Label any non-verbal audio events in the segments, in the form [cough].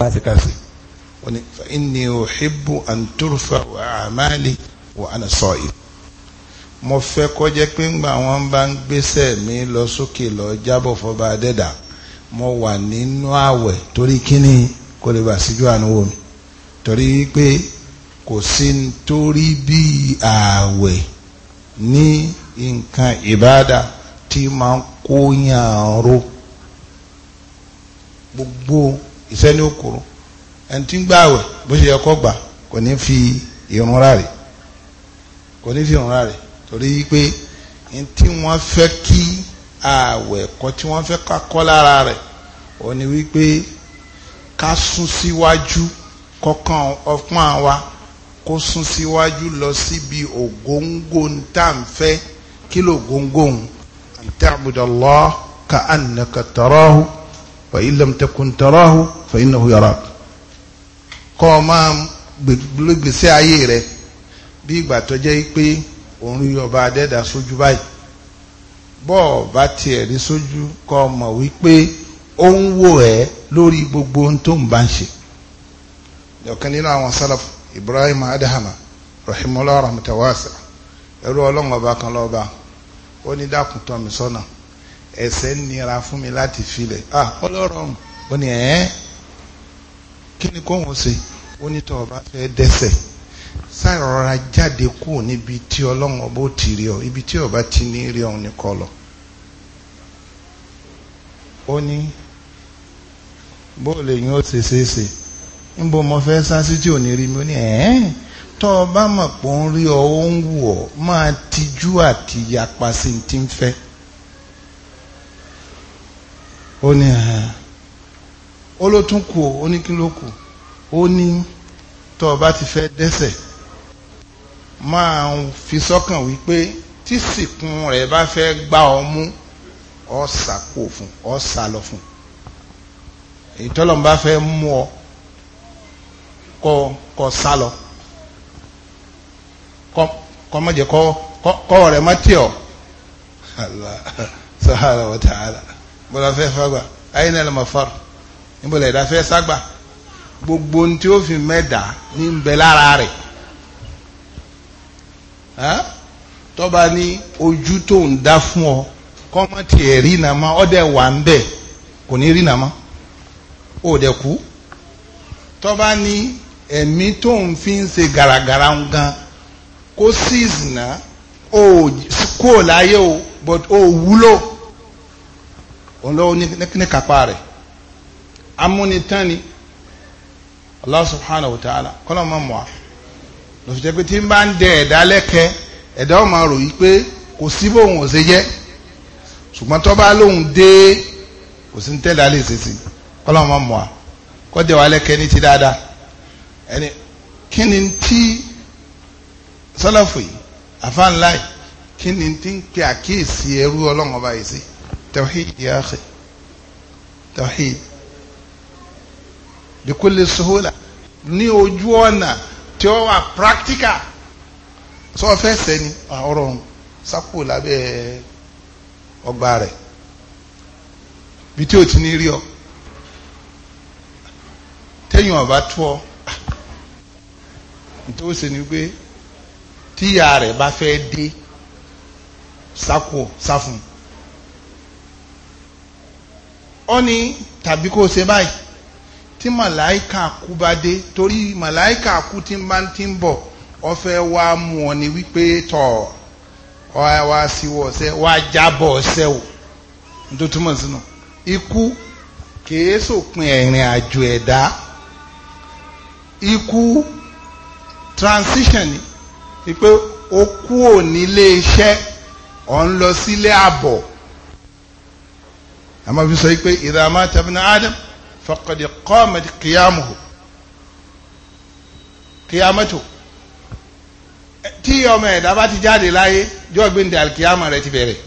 láti ká sí wọ́n ní fa inni uhibbu an turfa wa amali wa ana sa'im mo fẹ́ kó jẹ́ pé ńgbà wọ́n bá ń gbéṣẹ́ mi lọ sókè lọ jábọ̀ fọba adẹ́dà mo wà nínú àwẹ̀ torí kíní kó lè bà síjú àánú wò mí torí pé kò sí nítorí bí ààwẹ̀ ní nǹkan ìbáda tí máa ń kóyàn ro gbogbo ìfẹ́ ní okòrò ẹni tí ń gbà wẹ̀ bó ṣe yẹ kó gbà kò ní fi irun rárẹ̀ kò ní fi irun rárẹ̀ torí pé ní tí wọ́n fẹ́ kí ààwẹ̀ kọ́ tí wọ́n fẹ́ ká kọ́ lára rẹ̀ ó ní wípé ká sún síwájú kọ́kàn ọpọ́n wa kó sún síwájú lọ síbi ògóńgó tá à ń fẹ́ kí ló ń àti àbùdá Allah ka annaka fàyí lam takun تراه فإنه يراك yarak kọ́ ọ máa gbèsè ayé rẹ bí ìgbà tó jẹ́ pé òun rí ọba adẹ́dà sójú báyìí bọ́ọ̀ bá tiẹ̀ rí sójú kọ́ ọ mọ̀ wípé ó ń wò ẹ́ lórí gbogbo ohun tó ń bá ń ṣe ọ̀kan nínú àwọn sálàf Ibrahim Adahama rahimahullah rahmatawasa ẹrú ọlọ́run ọba kan lọ́ba ó ní dákun tọ́ mi sọ́nà ẹ̀ṣẹ̀ nira fún mi láti filẹ̀ ah ọlọ́run ó ní ẹ̀ẹ́ kí ni kó wọn ṣe ó ní tó o bá fẹ́ dẹ́ṣẹ̀ sàrọ̀ra jáde kúrò níbi tí ọlọ́run ọba ó ti rí ọ ibi tí ọba ti ní rí ọ ní kọlọ ó ní bóòlù yín ó ṣe ṣe ṣe níbo mo fẹ́ sá sí tí ò ní rí mi ó ní ẹ̀ẹ́ tọ́ ọ bá mọ̀ ń rí ọ ó ń wù máa tijú àti yapa sí ti ń fẹ́ ó ní ẹ̀hẹ̀n ó ló tún kù ó ní kí ló kù ó ní tó o bá ti fẹ́ dẹ́sẹ̀ máa fi sọ́kàn wípé tí sìnkún rẹ̀ bá fẹ́ gbá ọ mú ọ sàpò fún ọ sàlọ fún èyí tọ́lọ́mù bá fẹ́ mú ọ kọ kọ sálọ kọ mọ̀jẹ̀ kọ kọ ọ̀rẹ́ mọ́tì ọ [laughs] [laughs] bọ́lá fẹ́ fagbà ayé mafar, lè mọ̀ fọ́rọ̀ níbo lè dá fẹ́ ságbà gbogbo ohun tí ó fi mẹ́dà ní ń bẹ lára rẹ̀ tọ́ba ní ojú tó ń dá fún ọ kọ́mọ́tì ẹ̀ rí nàmá ọ̀dẹ̀ wà ń bẹ̀ kò ní rí nàmá ó dẹ̀ kú tọ́ba ní ẹ̀mí tó ń fi ń ṣe gàràgàrà ń gan kó sí ìsìnà kó láyé o but ó wúlò. Oh, òun lọ́wọ́ ní kápá rẹ̀ amúnitán ni Allah subhanahu wa ta'ala kọ́nà máa mọ̀ á lọ́sọ̀ jẹ́ pé tí n bá ń dẹ ẹ̀dá lẹ́kẹ́ ẹ̀dá ọ̀ máa ròyìn pé kò sí bóun ò ṣe jẹ́ ṣùgbọ́n tó bá lóun dé kò sí ń tẹ̀dá lè ṣe sí kọ́nà máa mọ̀ á kọ́ dẹ̀ wá ní ti dáadáa ẹni kí ni tí yìí àfáànláì kí ni tí ń pe àkíyèsí ẹrú ọlọ́run yìí sí توحيد يا أخي توحيد بكل سهولة ní ojú ọ̀nà tí ó wà practical sọ fẹ́ sẹ́ni ọ̀rọ̀ sápò lábẹ́ ọgbà rẹ̀ bí tí o ti ní rí ọ tẹ́yìn ọ̀bá tó ọ nítorí ó ṣe ni pé tíyà rẹ̀ bá fẹ́ dé sápò sáfún un ó ní tàbí kó ṣe báyìí tí màláìka kú bá dé torí màláìka kú tí ń bá ń ti ń bọ̀ ó fẹ́ wá mú ọ ní wípé tọ̀ ọ wá síwọ́ ọ̀sẹ̀ wá jábọ̀ ọ̀sẹ̀ o tó túmọ̀ sínú ikú kìí sòpin ẹ̀rìn àjò ẹ̀dá ikú transition ni pé ó kú ò nílé ọ̀ ń lọ sílé àbọ̀ a máa fi sọ pé idha mata ibn adam faqad qamat qiyamuhu qiyamatu tí ọmọ ẹ̀dá bá ti jáde láyé jọ́ gbé ní alkiyama rẹ̀ ti bẹ̀rẹ̀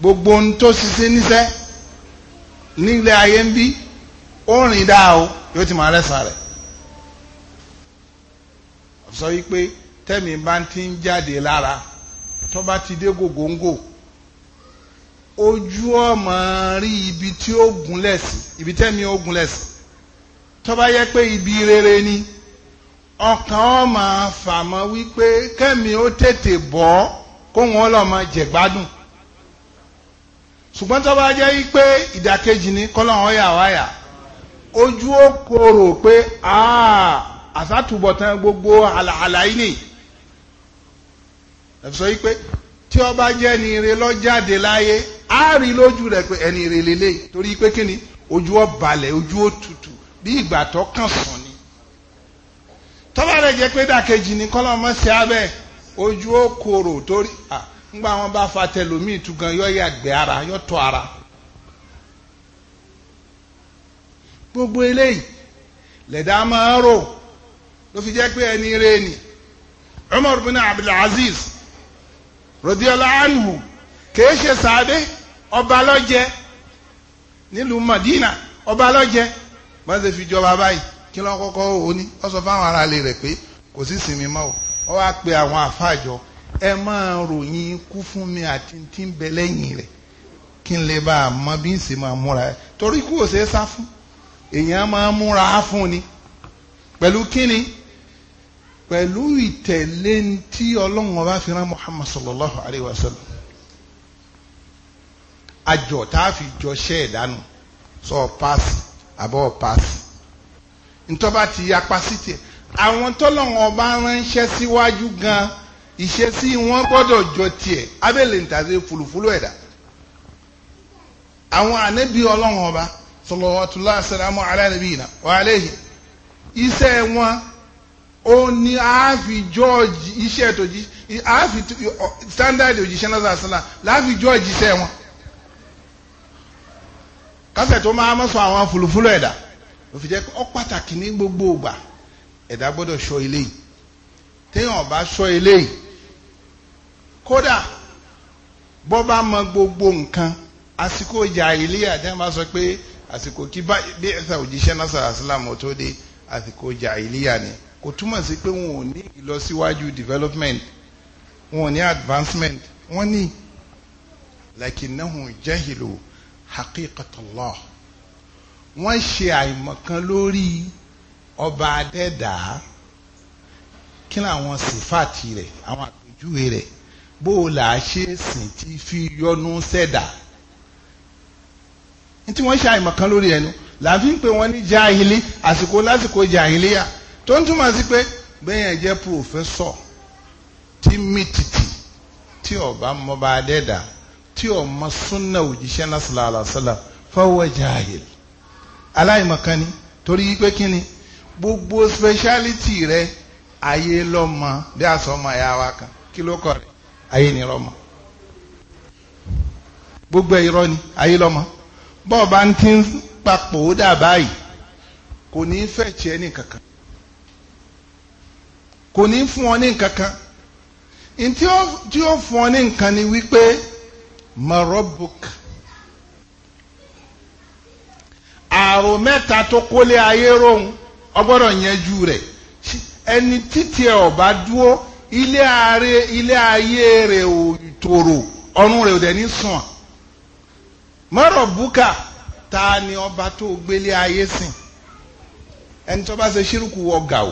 gbogbo ohun tó ṣiṣẹ́ níṣẹ́ nílé ayé ń bí ó rìn dá o yóò ti máa rẹ́sàn rẹ̀ sọ wípé tẹ́mi bá ti ń jáde lára tó bá ti dé gògóńgò ojú ọmọ rí ibi tí ó gúnlẹ̀ sí ibi tẹ́mi ó gúnlẹ̀ sí tó yẹ pé ibi rere ni ọkàn ọmọ fàmọ́ wípé kẹ́mi ó tètè bọ́ kóhun ọlọ́mọ jẹ̀gbádùn ṣùgbọ́n tó jẹ́ wípé ìdàkejì ni kọ́lọ́hún yà wáyà ojú ó korò pé gbogbo àlàyé ẹ̀fọ́ yìí tí ó bá jẹ́ ni ire jáde láyé á rí lójú rẹ̀ pé ẹni ire lélẹ̀ torí pé ojú ó ojú ó tutù bí ìgbà tó kàn ni tọ́lá rẹ̀ jẹ́ pé dàkejì ni kọ́lọ́mọ́ sí abẹ́ ojú ó korò torí à ara yọ tọ ara gbogbo eléyìí máa ń rò ló fi jẹ́ pé ẹni ire ni radiyallahu anhu kìí ṣe sàádé ọba nílùú Madina ọba lọ́jẹ́ wọ́n ṣe fi jọba báyìí kí ló kọ́kọ́ ó ní ó sọ fáwọn aráalé rẹ̀ pé kò sí sinmi mọ́ o ó wá pe àwọn àfàjọ ẹ máa ròyìn ikú fún mi àti tí ń bẹ lẹ́yìn rẹ̀ kí n lè bá a mọ bí n sì máa múra ẹ torí kú ò ṣeé sá fún èèyàn máa múra á fún ni pẹ̀lú kíni pẹ̀lú ìtẹ̀lé tí ọlọ́run ọba fi rán muhammad sallallahu alayhi wa sallam àjọ tá a fi jọ ṣe ìdánù sọ paasi àbọ̀ paasi ntọ́ba ti yapa sí tiẹ̀ àwọn tọ́lọ́run ọba ránṣẹ́ síwájú gan ìṣesí wọn gbọ́dọ̀ jọ tiẹ̀ abẹ́lẹ̀ ntàdé fulufulu ẹ̀dá àwọn ànábì ọlọ́run ọba sallallahu alayhi wa sallam wa alayhi iṣẹ́ wọn ó ní àáfi George iṣẹ́ tòjì àáfi standard òjìṣẹ́ náà sàṣàlà láàfi George iṣẹ́ wọn. kásẹ̀ tó máa mọ́sọ àwọn fùlùfúlù ẹ̀dá ló fi jẹ́ ó pàtàkì ní gbogbo ìgbà ẹ̀dá gbọ́dọ̀ sọ eléyìí téèyàn bá sọ eléyìí kódà bọ́ bá mọ gbogbo nǹkan àsìkò ìjà ilé àdéhùn bá sọ pé àsìkò kí bí ẹ̀sà òjìṣẹ́ náà sàṣàlà mọ́ tó dé àsìkò ìjà ilé yà ni kò túmọ̀ sí pé wọn ò ní ìlọsíwájú development wọn ò ní advancement wọn ní lakinnahum jahilu haqiqatallah wọ́n ṣe àìmọ̀kan lórí ọba adẹ́dàá kí làwọn sífàtì rẹ̀ àwọn àpèjúwe rẹ̀ bó o là á ṣe sìn tí fi yọnu sẹ́dà ní tí wọ́n ṣe àìmọ̀kan lórí ẹnu làá fi ń pè wọ́n ní jahili àsìkò lásìkò jahiliya tó ń túmọ̀ sí pé bẹ́yẹn jẹ́ pòfẹ́sọ̀ tí mìtìtì tí ọba mọba adẹ́dà tí ọmọ súnà òjíṣẹ́ náà sàlàlà sàlà fọwọ́ jahil aláìmọ̀kan torí pé kí ni gbogbo speciality rẹ ayé lọ́mọ bí àsọmọ ẹ̀yà wa kan kí ló kọ̀ rẹ̀ ayé ni lọ́mọ gbogbo irọ́ ni ayé lọ́mọ bọ́ọ̀ bá ń ti ń papò ó dà báyìí kò ní í fẹ̀ tiẹ́ nìkankan kò ní fún ọ ní nǹkan kan ntí ó tí ó fún ọ ní nǹkan ni wípé marobuk àrùn mẹ́ta tó kólé ayé rohun ọgbọ́dọ̀ yanjú rẹ̀ ẹni títí ọba dúró ilé ayé ilé ayé rẹ̀ ò tòrò o rẹ̀ ò dẹ̀ ní sùn ta ni ọba tó gbélé ayé sìn ẹni tó bá ṣe ṣírùkù wọ gàù.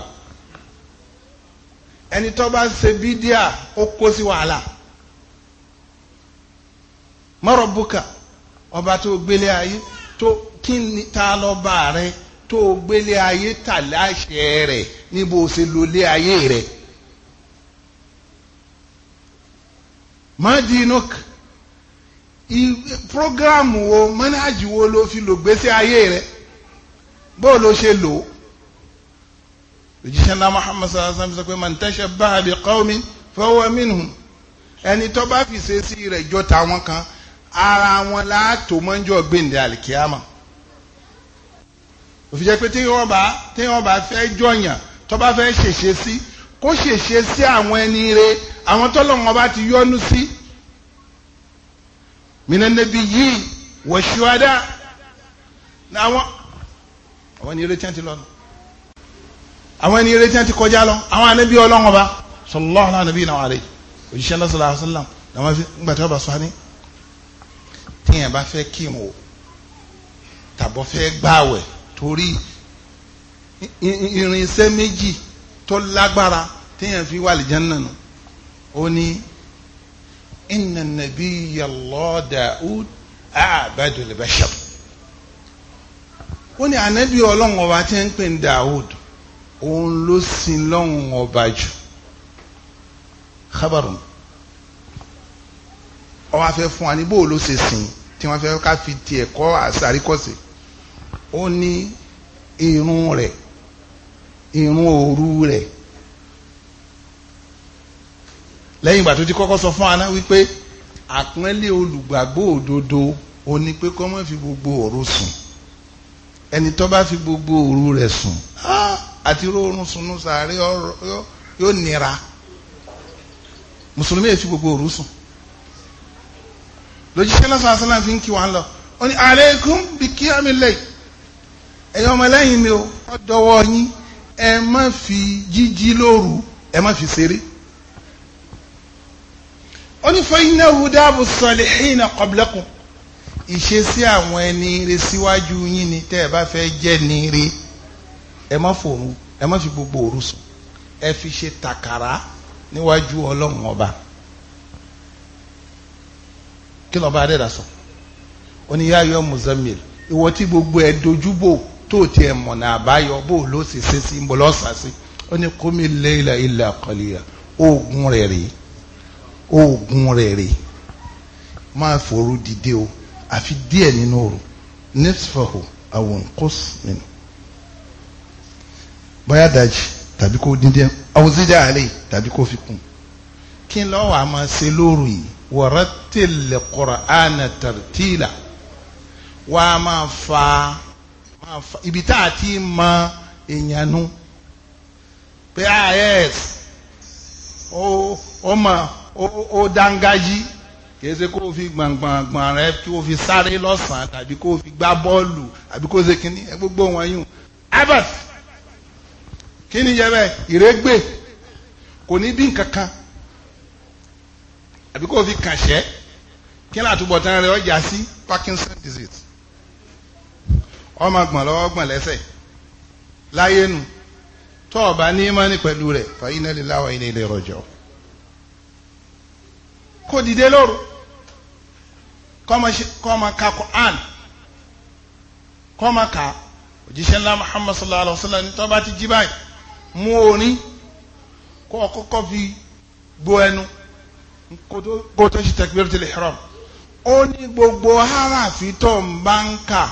ẹni tó bá ṣe bídíà ó kó sí wàhálà mọ́rọ̀ bùkà ọba tó gbélé ayé tó kí ni ta lọ bá rẹ tó gbélé ayé tà láṣẹ rẹ níbo ṣe lé ayé rẹ. madinok programu wo manhaj wo ló fi lò gbèsè ayé rẹ bó ló ṣe lò ó. òjíṣẹ́ ńlá Muhammad sallallahu alaihi wasallam sọ pé man tashabbaha bi qawmin fahuwa minhum ẹni tó bá fi ṣe sí rẹ̀ jọ tàwọn kan ara wọn láàtò mọ́jọ́ gbèǹde àlìkíyàmà òfin jẹ́ pé tí wọ́n bá tí wọ́n bá fẹ́ jọyàn tó bá fẹ́ ṣèṣe sí kó ṣèṣe sí àwọn ẹni rẹ̀ àwọn tọ́lọ́wọ́n bá ti yọ́nú sí mìnàdébí yìí wọ̀ṣíwádà àwọn àwọn ẹni rẹ̀ tí ti lọ́nà àwọn ẹni retí ti kọjá lọ àwọn anabi ọlọ́wọ́n ba sallallahu ala nabi náà àlè òjíṣẹ́ náà sallallahu alayhi wa sallam làwọn fi ń gbàtọ́ bá sọ́ni tíyẹn bá fẹ́ kí mu tàbọ̀ fẹ́ gbàwẹ̀ torí irinṣẹ́ méjì tó lágbára tíyẹn fi wà lìjẹ́ nànú ó ní inna nabiyallahu Daud a'badul bashar ó ní anabi ọlọ́wọ́n ba ti ń pè ní Daud òun ló sin lọ́hùn ọba jù kábàrún ó wá fẹ́ fún wa ní bó ló ṣe sìn tí wọ́n fẹ́ ká fi tiẹ̀ kọ́ àṣàríkọ́sí ó ní irun rẹ̀ irun òru rẹ̀ lẹ́yìn ìgbà tó ti kọ́kọ́ sọ fún aná wípé àpọ́nlé olùgbàgbọ́ òdodo ó ní pé kó má fi gbogbo òru sùn ẹni tó bá fi gbogbo òru rẹ̀ sùn. Ah! àti rórun sunú sàárè yóò nira mùsùlùmí èfi gbogbo òru sùn lójúṣẹ́ lọ́sàn asálàm fi ń kí wọn lọ ó ní aleikum bí kí á mi lẹ́yìn ẹ̀yin ọmọ lẹ́yìn mi ò ọ̀dọ́wọ́ yín ẹ má fi jíjí lóru ẹ má fi ṣeré ó ní fa innahu dáàbò salihina qablakum ìṣesí àwọn ẹni rẹ síwájú yín ni tẹ́ ẹ bá fẹ́ jẹ́ ni rẹ ẹ má fòrú ẹ má fi gbogbo òru sùn ẹ fi ṣe tàkàrà níwájú ọlọ́run ọba kí lọ́ba adẹ́dà sọ oníyá yọ muzamil ìwọ tí gbogbo ẹ dojúbò tó tiẹ̀ mọ̀nà àbáyọ bó ló sì ṣe sí ń bọ̀ lọ́sàsí ó ní kómi layla illa qalila oògùn rẹ̀ rèé oògùn rẹ̀ rèé máa fòrú dìde o àfi díẹ̀ nínú òru nísfàhù àwọn kọ́sìmínú bóyá dajì tàbí kó dín díẹ̀ àwòsíjà àlè tàbí kó fi kún kí n lọ́wọ́ àmọ́ ṣe lóru yìí waratil qur'ana tartila wá máa fa ibi tá a ti mọ èèyàn nu pis ah, ó mọ ó dángájí kì í ṣe kó o fi gbàngbàngbàn rẹ kí o fi sáré lọ́sàn-án tàbí kó o fi gbá bọ́ọ̀lù àbí kó o ṣe kínní gbogbo wọn yùn abas kí ni yẹ bẹ́ẹ̀ ìrégbè kò ní bí nǹkan kan àbí kò fi kàṣẹ́ kí ni àtúbọ̀tán rẹ̀ ọjà sí Parkinson disease ọmọ gbọ̀n lọ́wọ́ gbọ̀n lẹ́sẹ̀ láyé nu tó o bá ní mọ́ni pẹ̀lú rẹ̀ fa inna lillahi wa inna ilayhi raji'un kò dìde lóru kọ́mọ ka Qur'an kọ́mọ ka òjíṣẹ́ ńlá Muhammad sallallahu alaihi wa sallam ní tó ti jí báyìí mú orin kó o kọ́kọ́ fi gbó ẹnu kó o tó ṣe takbiratul ihram ó ní gbogbo harafi tó ń bá ń kà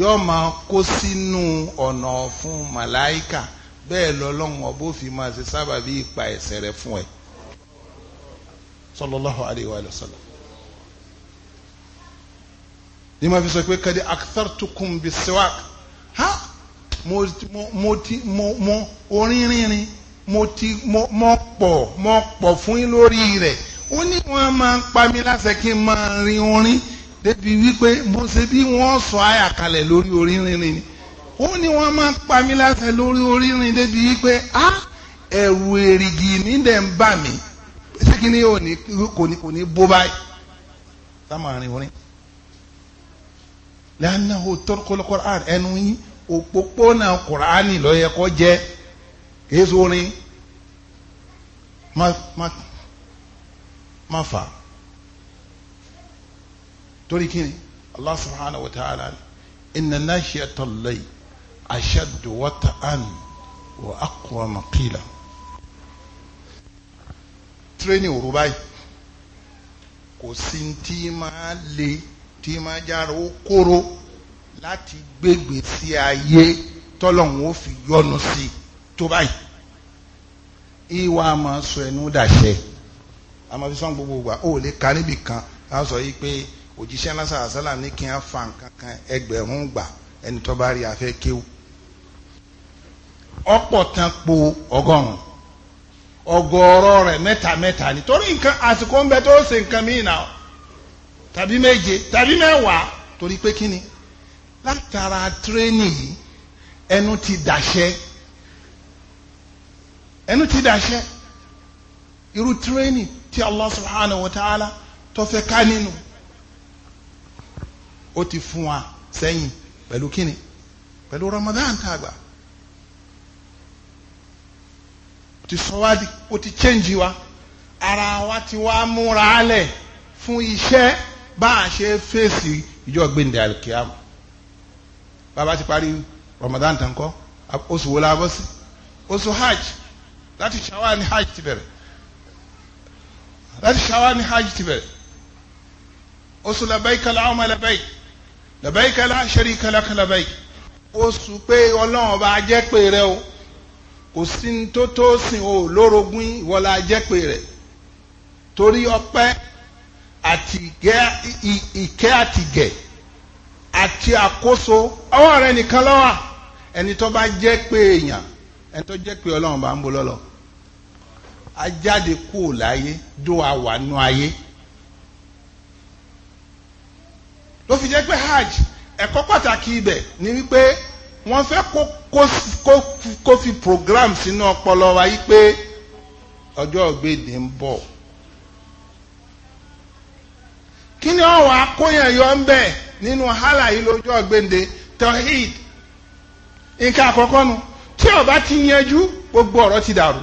yóò máa kó sínú ọ̀nà fún màláìkà bẹ́ẹ̀ lọ́lọ́run ọbó fi máa ṣe sábàbí ìpa ẹ̀ṣẹ̀ rẹ fún ẹ sallallahu alayhi wa sallam ni ma fi sọ pé kadi akthartukum bis siwak mo mo ti mo mo orínrìnrìn mo ti mo mo pọ̀ mo pọ̀ fún yín lórí rẹ̀ ó ní wọ́n máa ń pa mí láṣẹ kí n máa rin orin débi wípé mo ṣe bí wọ́n sọ àyà kalẹ̀ lórí orínrìnrìn ni ó ní wọ́n máa ń pa mí láṣẹ lórí orínrìn débi wípé a ẹ̀rù èrìgì ní dẹ̀ ń bà mí ṣé kí ni yóò ní kò ní kò ní bó báyìí sáà máa rin orin lẹ́yìn náà ó tọ́kọ́lọ́kọ́ ẹnu yín òpópónà kùránì ló yẹ kó jẹ́ kéésù orin má má má fà torí kí ni allah subhanahu wa ta'ala inna nashiyata al-layl ashaddu wata'an wa aqwa maqila tírénì òru báyìí kò sí tí máa le tí máa jára ó kóró láti gbégbé sí ayé tọ́lọ́hún ó fi yọ́nú sí tó báyìí ìwà àmọ́ sọ ẹnu dàṣẹ àmọ́ fi sọ́n gbogbo ìgbà ó lè ka níbì kan á sọ yìí pé òjíṣẹ́ lásán àṣálà ní kí á fa nǹkan kan ẹgbẹ̀rún gbà ẹni tó bá rí afẹ́ kéwù ọ̀pọ̀ tán po ọgọ́rùn-ún ọgọ́rọ̀ rẹ̀ mẹ́ta mẹ́ta ni torí nǹkan àsìkò ń bẹ tó ṣe nǹkan míì náà tàbí méje tàbí mẹ́wàá torí pé kí ni látara tírénì yìí ẹnu ti dàṣẹ ẹnu ti dàṣẹ irú tírénì tí Allah subhanahu wa ta'ala tó fẹ́ ká nínú ó ti fún wa sẹ́yìn pẹ̀lú kíni pẹ̀lú Ramadan tá a gbà ó ti sọ wá di ó ti chẹ́ǹjì wa ara wa ti wá múra lẹ̀ fún iṣẹ́ bá a ṣe fèsì ìjọ gbẹ̀ndẹ̀ alikiyama bàbá ti parí Ramadan tán kọ́ oṣù wo la bọ́ sí oṣù hajj láti ṣàwá ni hajj ti bẹ̀rẹ̀ láti ṣàwá ni hajj ti bẹ̀rẹ̀ oṣù labaika lahumma labaika labaika la sharika laka labaika oṣù pé ọlọ́run bá jẹ́ pé rẹ o kò sí ní tó tó sìn o lórogún ìwọ la jẹ́ pé rẹ torí ọpẹ́ àtìgẹ́ ìkẹ́ àtìgẹ́ àti àkóso ọwọ́ rẹ nìkan ló ẹni tó bá jẹ́ pé èèyàn ẹni tó jẹ́ pé ọlọ́run bá ń bo lọ́lọ́ láyé ayé ló fi jẹ́ pé hajj ẹ̀kọ́ pàtàkì ibẹ̀ ni wípé wọ́n fẹ́ kó kó kó program sínú ọpọlọ wa yí pé ọjọ́ ń bọ̀ yọ ń nínú hálà yìí lójú ọ̀gbẹ́ndé tawhid nǹkan àkọ́kọ́ nu tí ó bá ti yanjú gbogbo ọ̀rọ̀ ti dàrú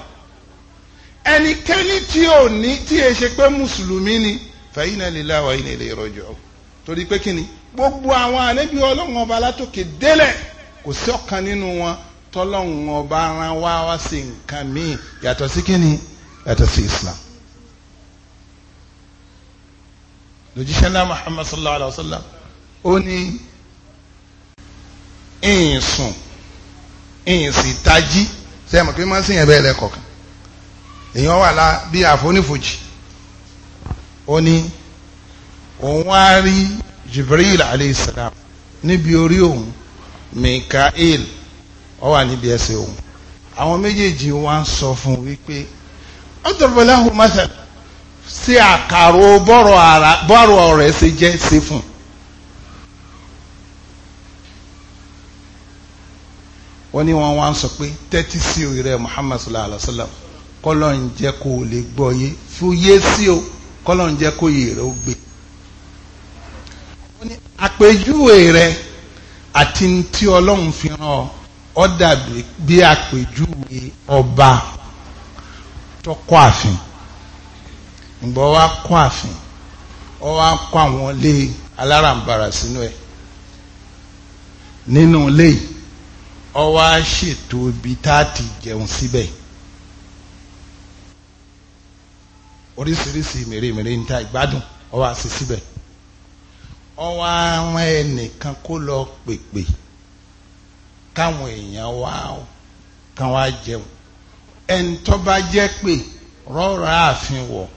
ẹnikẹ́ni tí ò ní tí e ṣe pé mùsùlùmí ni fa inna lillahi wa inna ilayhi raji'un torí pé kíni gbogbo àwọn ànábì ọlọ́run ọba látòkè délẹ̀ kò sí ọ̀kan nínú wọn tọ́lọ́run ọba rán wá wá sí nǹkan míì yàtọ̀ sí kíni yàtọ̀ sí Islam. lójúṣẹ́ ńlá Muhammad sallallahu alayhi wa sallam ó ní ìyìn sùn ìyìn sì tají sẹ́mi pé máa ń sèyàn bẹ́ẹ̀ lẹ́kọ̀ọ̀kan èèyàn wà lá bí àfonífojì ó ní òun á rí Jibril aleyhisselam níbi orí òun Mikael ó wà níbi ẹsẹ̀ òun àwọn méjèèjì wá ń sọ fún wípé ọ̀dọ̀bọ̀láhùn mọ́tẹ̀ sí àkàrò bọ́rọ̀ rẹ̀ ṣe jẹ́ sí fún un wọ́n ní wọ́n wá ń sọ pé tẹ́tí sí òye rẹ̀ Muhammad sallallahu alayhi wa sallam kọ́lọ̀ ń jẹ́ kó o lè gbọ́ yé fún yé sí o kọ́lọ̀ ń jẹ́ kó yè rẹ̀ ó gbé. wọ́n ní àpèjúwe rẹ̀ àti tí ọlọ́run fi ràn ọ́ dàbí bí àpèjúwe ọba tó kọ́ ààfin wa kọ́ ààfin ọ wá kọ́ àwọn ilé alárànbarà sínú ẹ̀ nínú ilé yìí ó wá ṣètò ibi tá a ti jẹun síbẹ̀ oríṣiríṣi mèremère ń ta ìgbádùn ó wá sí síbẹ̀ ó wá rán ẹnìkan kó lọ pèpè káwọn èèyàn wá kán wá jẹun ẹni tó bá jẹ́ pé rọ́ọ̀rọ̀ ààfin wọ̀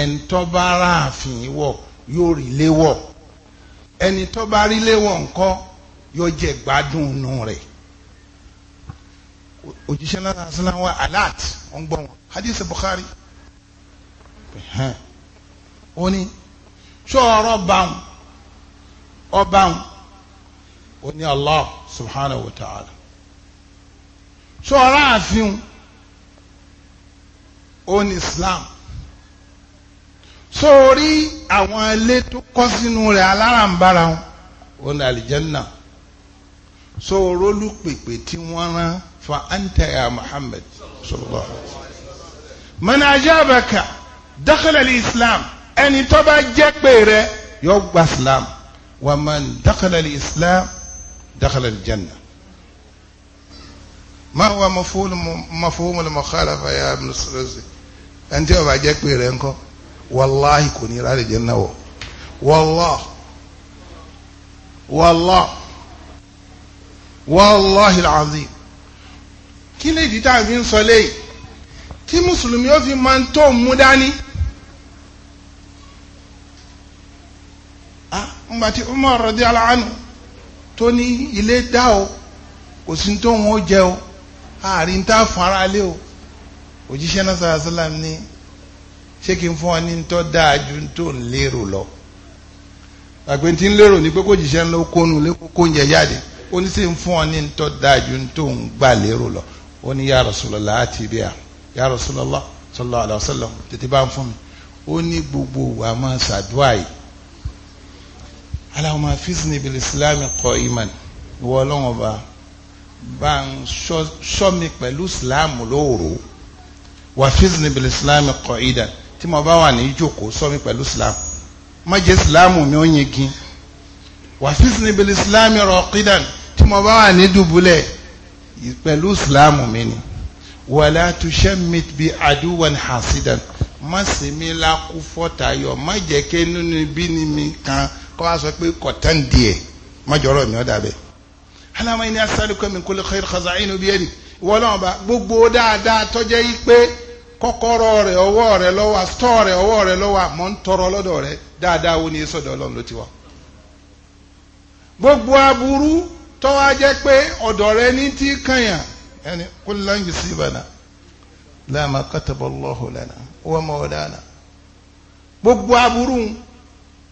ẹni tó bá ra ààfin wọ̀ yóò rí léwọ̀ ẹni tó bá rí léwọ̀ ńkọ́ yóò jẹ gbádùn inú rẹ̀ òjíṣẹ́ náà sọ́nà wa alert wọ́n gbọ́ wọn hadith Bukhari ó ní sọ̀rọ̀ báwọn ọbaahu ó ní Allah subhanahu wa ta'ala sọ̀rọ̀ àfihàn ó ní Islam sórí àwọn ilé tó kọ́ sínú rẹ̀ alárànbarà wọn ó ní alìjẹ́nà sóòrò olùpèpè tí wọ́n rán. فأنت يا محمد صلى الله عليه وسلم من أجابك دخل الإسلام أن تبجك بير يوب أسلام ومن دخل الإسلام دخل الجنة ما هو مفهوم المخالفة يا ابن السلوزي أنت أبعجك بير والله كوني رأي الجنة والله والله والله العظيم kí lè dí tá a fi ń sọ léyìí tí mùsùlùmí ó fi máa ń tó mú dání. nígbà ah, tí Umar radiyallahu anhu tó ní ilé dá o kò sí tó wọn ó jẹ o àárín tá a fún ara lé o òjíṣẹ́ náà sọ̀rọ̀ sọ́lá ní ṣé kí n fún ọ ní tó dáa ju tó ń lérò lọ àgbẹ̀ tí ń lérò ní pé kó jíṣẹ́ ńlọ kónú lé kó oúnjẹ jáde ó ní sì ń fún ọ ní tó dáa ju tó ń gbà lérò lọ ó ní ya Rasulullah àti ibi à ya Rasulullah sallallahu alaihi wasallam tètè bá ń fún mi ó ní gbogbo wa máa ṣàdúrà yìí Allahumma fizni bil islami qa'iman ìwọ ọlọ́run ọba bá ń ṣọ́ mi pẹ̀lú islam lóòrò wà fizni bil islami qa'idan tí mo bá wà ní ìjókòó ṣọ́ mi pẹ̀lú islam má jẹ́ islam mi ó yingin wà fizni bil islami raqidan tí mo bá wà ní dùbúlẹ̀ pẹ̀lú islam mi ni wàlá tushammit bi aduwan hasidan má ṣe mí lákú fọ́tà yọ má jẹ́ kí nínú ibi ni mi kan kọ́ wa sọ pé kọ̀tán díẹ̀ má jọ̀rọ̀ mi ọ́ dàbẹ̀. alama ni asalukum min kulli khair khaza'inu biyadi ìwọ náà bá gbogbo dáadáa tọ́jẹ́ yí pé kọ́kọ́rọ́ rẹ̀ ọwọ́ rẹ̀ lọ́wọ́ àtọ́ rẹ̀ ọwọ́ rẹ̀ lọ́wọ́ àmọ́ ń tọrọ lọ́dọ̀ rẹ̀ dáadáa wo ni yé sọ́dọ̀ ọlọ́run ló ti wá. gbogbo aburú tọ́wá jẹ́ pé ọ̀dọ̀ rẹ ní tí kànyà ẹni kul lan yusibana la ma kataballahu lana wa gbogbo aburú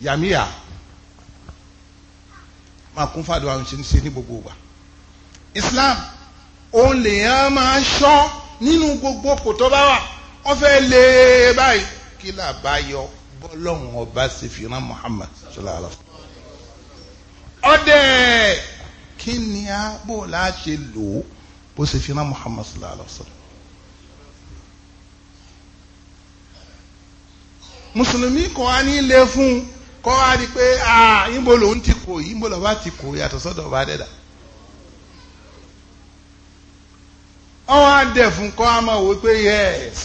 yàmíyà máa kún fàdúrà ń ṣe ń ṣe ní gbogbo wa Islam òun lèèyàn máa ṣọ́ nínú gbogbo kò tó bá wà wọ́n fẹ́ lé báyìí kí là bá Muhammad sallallahu alaihi ọdẹ kí ni a bò láṣẹ lò ó bó ṣe fi rán Muhammad sallallahu alaihi wa sallam. mùsùlùmí kọ́ á ní ilé fún un kọ́ á rí i pé ìbò lòun ti kò yìí lọ́ba ti kò yàtọ̀ sọ́dọ̀ ọba dẹ́dà. ọ̀hún àdẹ̀fún kọ́ á máa wò pé yes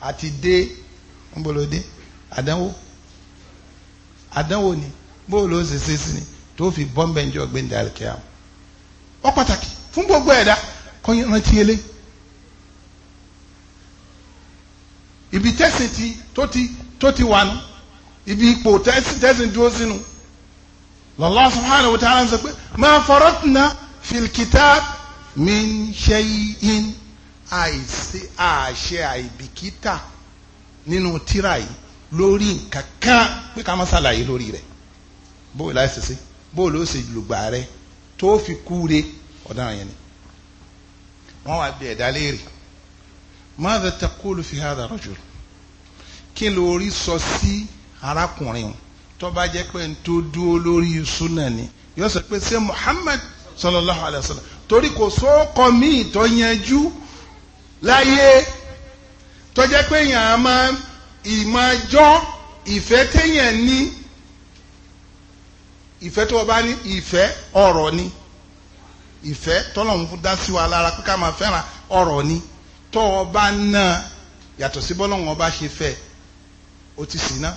àti dé ìbò ló dé àdánwò àdánwò ni bó ló ṣe ṣe sí ni tó fi bọ́m̀bẹ̀ gbé ń darí kíá ó pàtàkì fún gbogbo ẹ̀dá kó rántí eléyìí. ibi tẹ́sìn ti tó ti tó ti wà nù ibi ipò tẹ́sìn tẹ́sìn dúró sínú Allah subhanahu wa ta'ala ń sọ pé ma faratna fil kitab min shay'in àìsí àṣẹ àìbìkítà nínú tíra yìí lórí nǹkan kan pé ká má ṣàlàyé lórí rẹ̀ bó o láì ló ṣe lùgbà rẹ̀ tó fi kúure ọ̀daràn yẹn ni wọ́n wá bí ẹ̀dá léèrè madha taqulu fi hadha rajul kí lórí sọ sí arákùnrin tó bá jẹ́ pé n tó dúró lórí súnà ni yóò sọ pé ṣé Muhammad sallallahu alayhi wa sallam torí kò sóòkọ míì tó yanjú láyé tó jẹ́ pé yàn á máa ìmọ̀ ọjọ́ ìfẹ́ téèyàn ní ìfẹ́ tó o bá ní ìfẹ́ ọ̀rọ̀ ni ìfẹ́ tọ́lọ́run fún dá sí wa lára pé ká máa fẹ́ràn ọ̀rọ̀ ni tó o bá náà yàtọ̀ sí bọ́lọ́run ọba ṣe fẹ́ o ti sì ná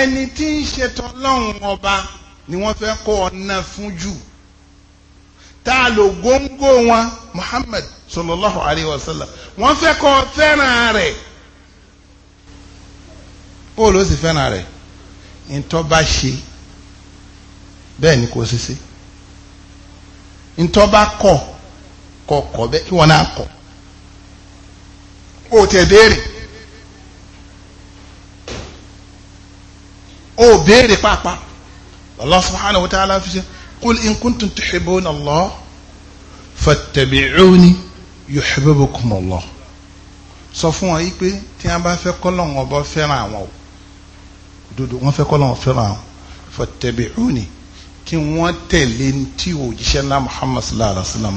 ẹni tí ń ṣe tọ́lọ́run ọba ni wọ́n fẹ́ kó ọ ná fún jù tá a lò góńgó wọn Muhammad sallallahu alayhi wa sallam wọ́n fẹ́ kó ọ fẹ́ràn rẹ̀ bó o sì fẹ́ràn rẹ̀ ntọ́ba ṣe bẹ́ẹ̀ ni kò ṣe ṣe ntọ́ba kọ̀ kọ̀ kọ̀ bẹ́ẹ̀ kí wọ́n náà kọ̀ o tẹ̀ béèrè o béèrè pàápàá Allah subhanahu wa ta'ala fi ṣe qul in kuntum tuhibbuna Allah fattabi'uni yuhibbukum Allah sọ fún wa yìí pé tí a bá fẹ́ kọ́ lọ́wọ́ ọba fẹ́ràn àwọn o òdodo wọ́n fẹ́ kọ́lọ́n fẹ́ràn àwọn fattabi'uni kí wọ́n tẹ̀lé tí òjíṣẹ́ ńlá Muhammad sallallahu alaihi wa sallam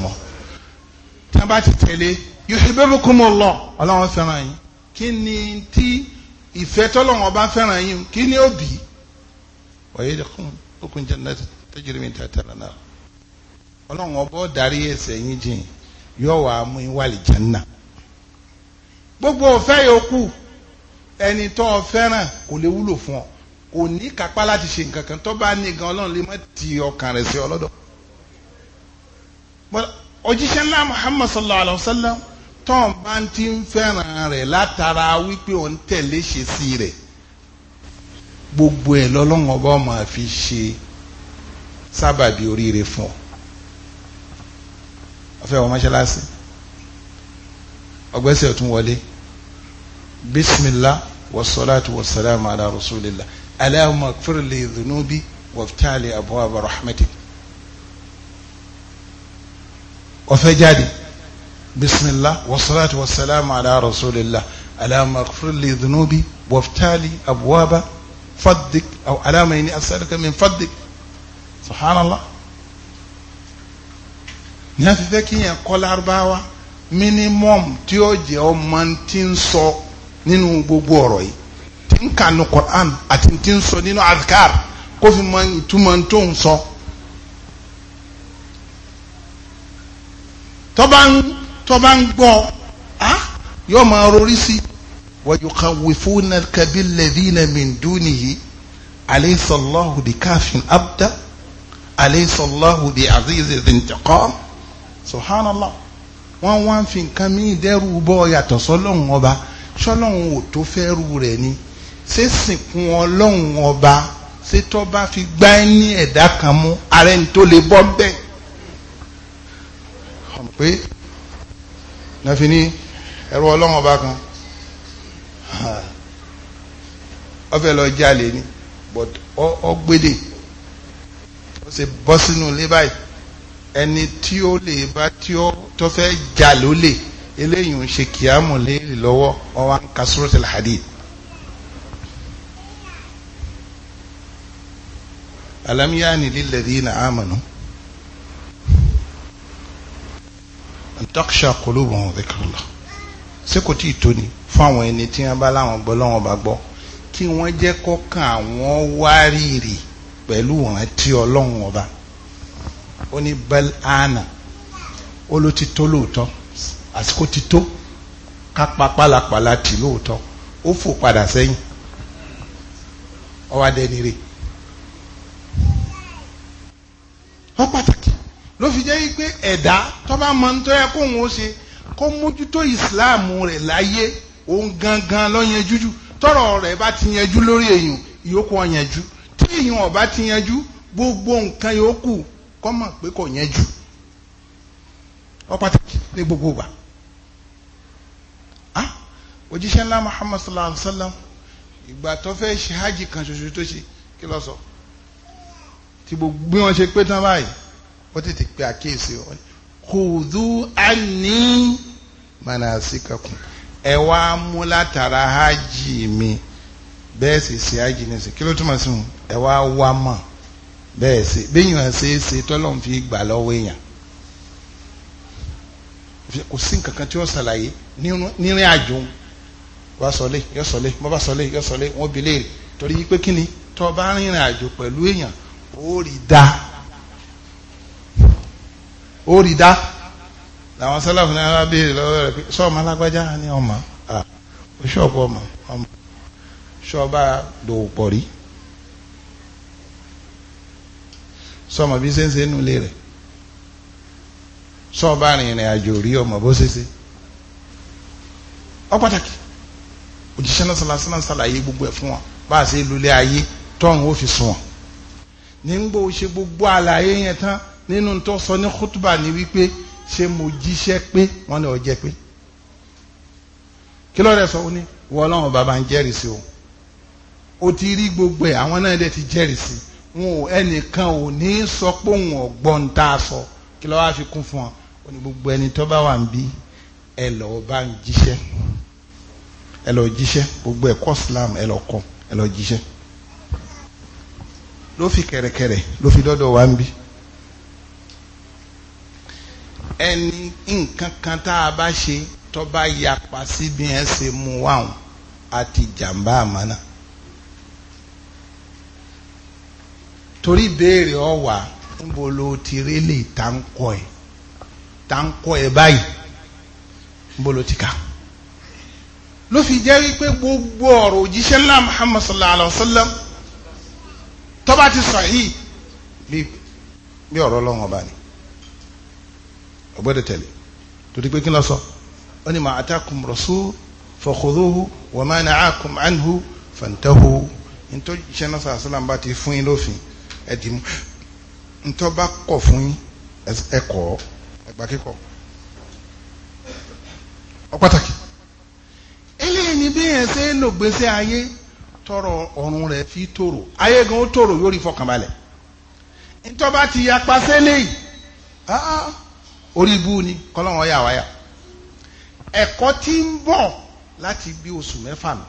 tí wọ́n bá ti tẹ̀lé yuhibbukumullah ọlọ́wọ́n fẹ́ràn yín kí ni tí ìfẹ́ tọ́lọ́wọ́n bá fẹ́ràn yín kí ni ó bì í wa yadkhulukum jannatin tajri min tahtiha al-anhar ọlọ́wọ́n bọ́ darí ẹsẹ̀ yín jìn yóò wá mú yín wà lí janna gbogbo ọ̀fẹ́ yòókù ẹni tó o fẹ́ràn kò lè wúlò fún ọ kò ní kápá láti ṣe nǹkan kan tó bá ní gan ọlọ́run lè má ti ọkàn rẹ̀ sí ọlọ́dọ̀. òjíṣẹ́ ńlá Muhammad sallallahu alayhi wa sallam tó o bá ń ti fẹ́ràn rẹ̀ látara wípé o ń tẹ̀lé ṣe sí rẹ̀ gbogbo ẹ̀ lọ́lọ́run ọba ọmọ àfi ṣe sábàbí oríire fún ọ. ọ̀fẹ́ wọn mọ́ṣáláṣí ọgbẹ́sẹ̀ ọ̀tún wọlé bisimilah wasalaatu wasalaamu ala rasulillah alaahumma akfir li dunubi waftaali abwaaba rahmatik ọfẹ jáde bisimilah wasalaatu wasalaamu ala rasulillah alaahumma akfir li dunubi waftaali abwaaba fadik aw alaama yini asalika min fadik subhanallah ní a fi fẹ́ kí yẹn kọ́ lárúbáwá minimum tí ó jẹ́ ọmọ tí nínú gbogbo ọ̀rọ̀ yìí tí ń kànú Quran àti tí ń sọ nínú azkar kó fi mọ ìtumọ̀ tó ń sọ. tọ́ba ń tọ́ba ń gbọ́ á yóò máa rorí sí wa yukhawwifunaka billadhina min dunihi alaysa Allahu bikafin abda alaysa Allahu bi'azizin intiqam subhanallah wọ́n wá ń fi nǹkan mí dẹ́rù bọ́ yàtọ̀ sọ́lọ́hún ọba. So ṣọlọ́run ò tó fẹ́ rú rẹ̀ ni ṣé sìnkún ọlọ́run ọba ṣé tó bá fi gbá ní ẹ̀dá kan mú ara ẹni tó lè bọ́ bẹ́ẹ̀. pé nàfi ní ẹ̀rọ ọlọ́run ọba kan ó fẹ́ lọ jalè ni but ọgbẹ́dẹ̀ ó ṣe bọ́ sínú ilé báyìí ẹni tí ó lè bá tí ó tó fẹ́ jà lólè eléyìí ń ṣe kìámù léèrè lọ́wọ́ ọwọ́ ń ka suratul hadid. alam yaani lilladhina amanu an taksha qulubuhum dhikrullah ṣé kò tí ì tó ni fún àwọn ẹni tí wọ́n bá láwọn gbọ́ lọ́wọ́ bá gbọ́ kí wọ́n jẹ́ kọ́kàn àwọn wárìrì pẹ̀lú ìrántí ọlọ́run ọba ó ní bal ana ó ló ti tó lóòótọ́ àsìkò ti tó ká pa pálapàla tì lóòótọ́ ó fò padà sẹ́yìn ọwọ́ adẹ́ni rè wọ́n pàtàkì ló fi jẹ́ pé ẹ̀dá tó bá mọ ní tó yẹ kó òun ó ṣe kó mójútó ìsìláàmù rẹ̀ láyé òun gangan ló yẹn jújù tọ́rọ̀ rẹ̀ bá ti yanjú lórí èèyàn ìyókù ó yanjú tí èèyàn ọba ti yanjú gbogbo nǹkan yòókù kọ́ mọ̀ pé kò yanjú ó pàtàkì ní gbogbo ìgbà òjíṣẹ́ ńlá muhammad sallallahu alaihi wa sallam ìgbà tó fẹ́ ṣe hajj kan ṣoṣo tó ṣe kí ló sọ tí gbogbo wọn ṣe pé tán báyìí wọ́n tètè pe àkíyèsí ọ khudhu anni manasikakum ẹ wá mú látara hajj mi bẹ́ẹ̀ sì ṣe hajj ní sí kí ló túmọ̀ sí mu ẹ wá wá mọ̀ bẹ́ẹ̀ sì bẹ́yìn ṣe é ṣe tọ́lọ́run fi gbà lọ́wọ́ èèyàn kò sí nǹkan kan tí wọ́n ṣàlàyé nírìn àjò ń wá sọlé yọ sọlé mo bá sọlé yọ sọlé wọn bi torí pé kíni bá rìnrìn àjò pẹ̀lú èèyàn ó rí dá ó rí dá làwọn sálàfù náà wá béèrè lọ́wọ́ rẹ̀ pé sọ́ọ̀mù alágbájá ni ọmọ ṣọ́ọ̀bù ọmọ ọmọ ṣọ́ọ̀bà dòwòpọ̀ rí sọ́ọ̀mù bí rẹ̀ sọ́ọ̀bà òjíṣẹ́ náà sàlàsílà sàlàyé gbogbo ẹ̀ fún wọn bá a ṣe lulẹ̀ ayé tọ́hún ó fi sùn wọn. nígbà ó ṣe gbogbo àlàyé yẹn tán nínú tó sọ ní kútùbà ní wípé ṣé mo jíṣẹ́ pé wọ́n ní ọjẹ́ pé. kí ló rẹ̀ sọ ó ní wọ́n ọlọ́run bàbá ń jẹ́rìí o o ti rí gbogbo ẹ̀ àwọn náà dẹ̀ ti jẹ́rìí wọn ò ẹnìkan ò ní sọ pé òun ọ̀gbọ́n tá sọ kí ló wá fi kún fún wọn ó ní gbogbo ẹni tó bá wà ń bí ẹ lọ́ọ́ bá ń jíṣẹ́ ẹ lọ jíṣẹ́ gbogbo ẹ̀kọ́ Islam ẹ lọ kọ́ ẹ lọ jíṣẹ́ ló fi kẹ̀rẹ̀kẹ̀rẹ̀ ló fi dọ́dọ̀ wá ń bí ẹni nǹkan kan tá a bá ṣe tó bá yapa sí bí ẹ ṣe mú wáhùn àti jàǹbá àmánà torí béèrè ọwà níbo ló ti rélé táǹkọ ẹ táǹkọ ẹ báyìí níbo ló ti kà ló fi jẹ́ wípé gbogbo ọ̀rọ̀ òjíṣẹ́ ńlá muhammad sallallahu alayhi wa sallam tó bá ti sahih bí bí ọ̀rọ̀ ọlọ́run ọba ni ọgbẹ́dẹ tẹ̀lé torí pé kí ló sọ ó ní ma atakum rasul fakhuduhu wa ma na'akum anhu fantahu nítorí òjíṣẹ́ náà sallallahu alayhi wa sallam bá ti fún yín lófin ẹ dì mú nítorí bá kọ̀ fún yín ẹ kọ̀ ẹgbà kíkọ̀ ọ pàtàkì béèyàn ṣe ń lò gbèsè ayé tọrọ ọ̀run rẹ̀ fi tòrò ayé gan ó tòrò yóò rí fọkànbalẹ̀ ntọ́ba ti yapa sẹ́lẹ̀ yìí ah, orí ibú ni kọ́lọ́wọ́n yà wáyà ẹ̀kọ́ tí ń bọ̀ láti bí oṣù mẹ́fà mi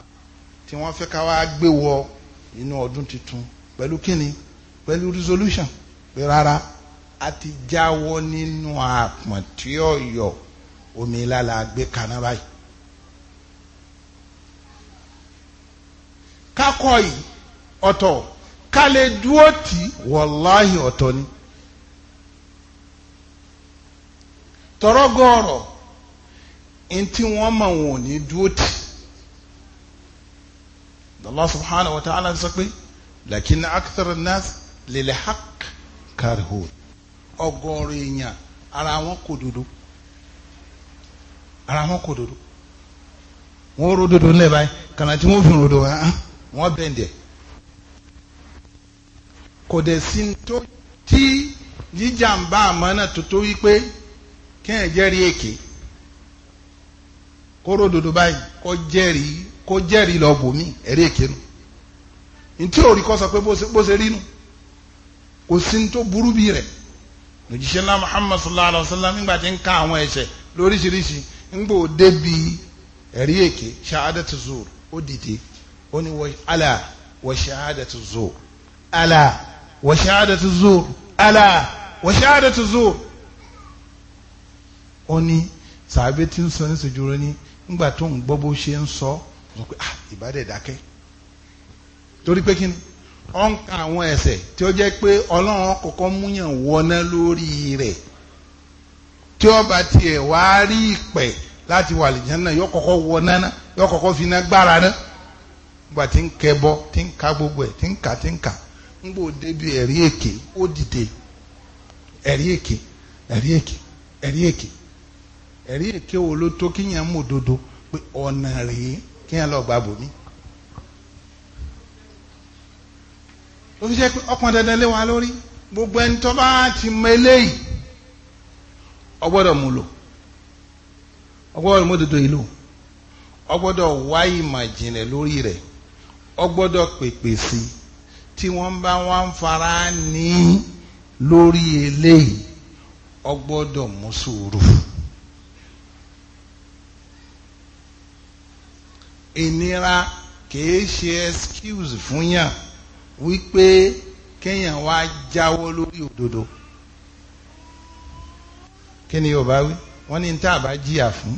tí wọ́n fẹ́ ká wá gbé wọ inú ọdún tuntun pẹ̀lú kíni pẹ̀lú resolution pé rárá a ti jáwọ́ nínú àpọ̀n tí ọ̀yọ̀ omi lála gbé kaná báyìí kákọ́ yi ɔtɔ kale lè dúró tì ni. tọrọgọrọ ntí wọn mọ wọn ní dúró tì Allah subhanahu wa ta'ala sọ pé lakin akthar ara wọn kò dodo ara wọn kò dodo wọn rododo nílẹ̀ fi ha. wọ́n bẹ̀ǹdẹ̀ kò dẹ̀ si tó tí jíjàmbá àmọ́nà tó tó wípé kí jẹ́rìí èké kóró dodo báyìí kó jẹ́rìí kó jẹ́rìí lọ bòmí ẹ̀rí èké nu ntí òrí kọ́ sọ pé bó ṣe rí nu kò sí tó burú bí rẹ̀ lójíṣẹ́ náà Muhammad sallallahu alayhi wa sallam nígbà tí ń ka àwọn ẹ̀ṣẹ̀ lóríṣiríṣi ń gbò ẹ̀rí èké ṣáádẹ́tù ó dìde ó ní alá wa shahadatu zur alá wa shahadatu zur alá wa shahadatu zur ó ní sàbẹ̀ tí ń sọ ní sojúro ní ńgbà tó ń gbọ́ bó ṣe ń sọ sọ pé ah ìbádẹ́ dákẹ́ torí pé kí ni ọ ń ka àwọn ẹsẹ̀ tí ó jẹ́ pé ọlọ́run kọ́kọ́ múyàn wọná lórí rẹ̀ tí ó bá tiẹ̀ wá rí ìpẹ́ láti wà lìjánná yóò kọ́kọ́ wọná ná yóò kọ́kọ́ fi iná gbára ná gbà tí ń kẹbọ ń ka gbogbo ẹ tinka ń kà tí ń kà ń gbò débi ẹ̀rí èké ó dìde ẹ̀rí èké èké èké èké wo ló tó mú pé rèé bòmí. ó fi jẹ́ pé lórí gbogbo ẹni tó bá ti mọ eléyìí mú lò mú yìí ọ gbọ́dọ̀ pèpè sí tí wọ́n bá wá ń fara ní lórí eléyìí ọ gbọ́dọ̀ mú sùúrù. ìnira kìí ṣe excuse fún yàn wípé kéèyàn wá jáwọ́ lórí òdodo kí ni Yorùbá wí wọ́n ní tá bá jìyà fún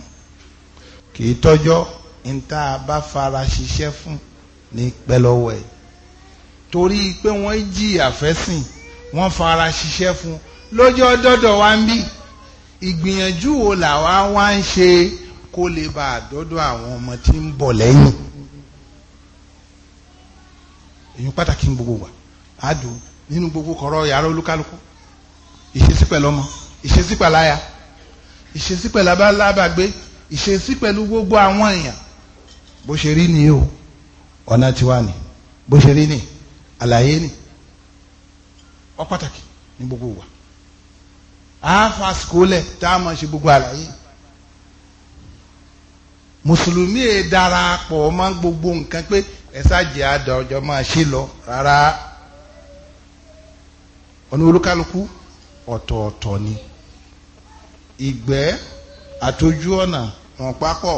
kìí tọ́jọ́ ní bá fara ṣiṣẹ́ fún ní pẹ́lọ́wọ́ ẹ̀ torí pé wọ́n jí àfẹ́sìn wọ́n fara ṣiṣẹ́ fún lójú ọdọ́dọ̀ wa ń bí ìgbìyànjú wo làwa wá ń ṣe kó lè bá àdọ́dọ̀ àwọn ọmọ tí ń bọ̀ lẹ́yìn èyí pàtàkì ń gbogbo wa àdùn nínú gbogbo kọ̀rọ̀ yàrá olúkálùkù ìṣesí pẹ̀lú ọmọ ìṣesí pẹ̀lú aya ìṣesí pẹ̀lú abálábàgbé ìṣesí pẹ̀lú gbogbo àwọn èèyàn bó ṣe rí nìyí o ọ̀nà tiwa ni bó ṣe rí ni àlàyé ni ọ pàtàkì ní gbogbo wa àáfà sikólẹ̀ tá a máa ṣe gbogbo àlàyé mùsùlùmí è e darapọ̀ mọ́ gbogbo nǹkan pé ẹ̀sà jẹ́ máa ṣe lọ rárá ọ̀nà olúkálukú ọ̀tọ̀ọ̀tọ̀ ni ìgbẹ́ àtọ́jú ọ̀nà wọn papọ̀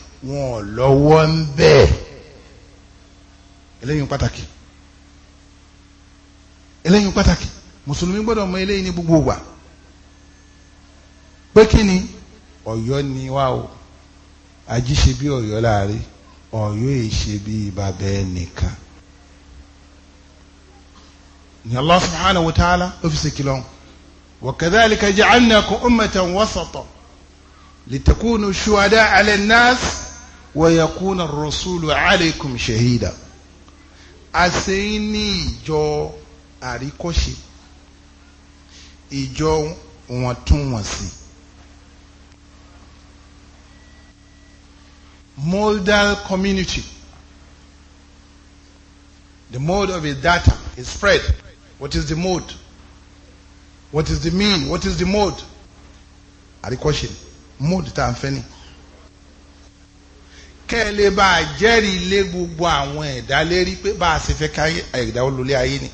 wọn ò lọ́wọ́ ń bẹ́ẹ̀ eléyìí pàtàkì eléyìí pàtàkì mùsùlùmí gbọ́dọ̀ mọ eléyìí ní gbogbo wa pé kí ni ọ̀yọ́ ni wá o ají ṣe bí ọ̀yọ́ láàrin ọ̀yọ́ èyí ṣe bí bàbá ẹnìkan ni Allah subhanahu wa ta'ala ló fi ṣe kìlọ̀ ọ̀hún wa kadhalika ja'alnakum ummatan wasata litakunu shuhada 'ala wọ̀yẹ̀kúnà rọ̀súlù aleikum shahida àṣeyín ní ìjọ àríkọ́ṣe ìjọ wọ̀ntúnwọ̀nsì modal community the mode of a data is spread what is the mode what is the mean what is the mode àríkọ́ṣe mode tá à ń fẹ́ ni kẹ́ ẹ lè bá a jẹ́rìí lé gbogbo àwọn ẹ̀dá lérí pé bá a ṣe fẹ́ ká ẹ̀dá olólè ayé ni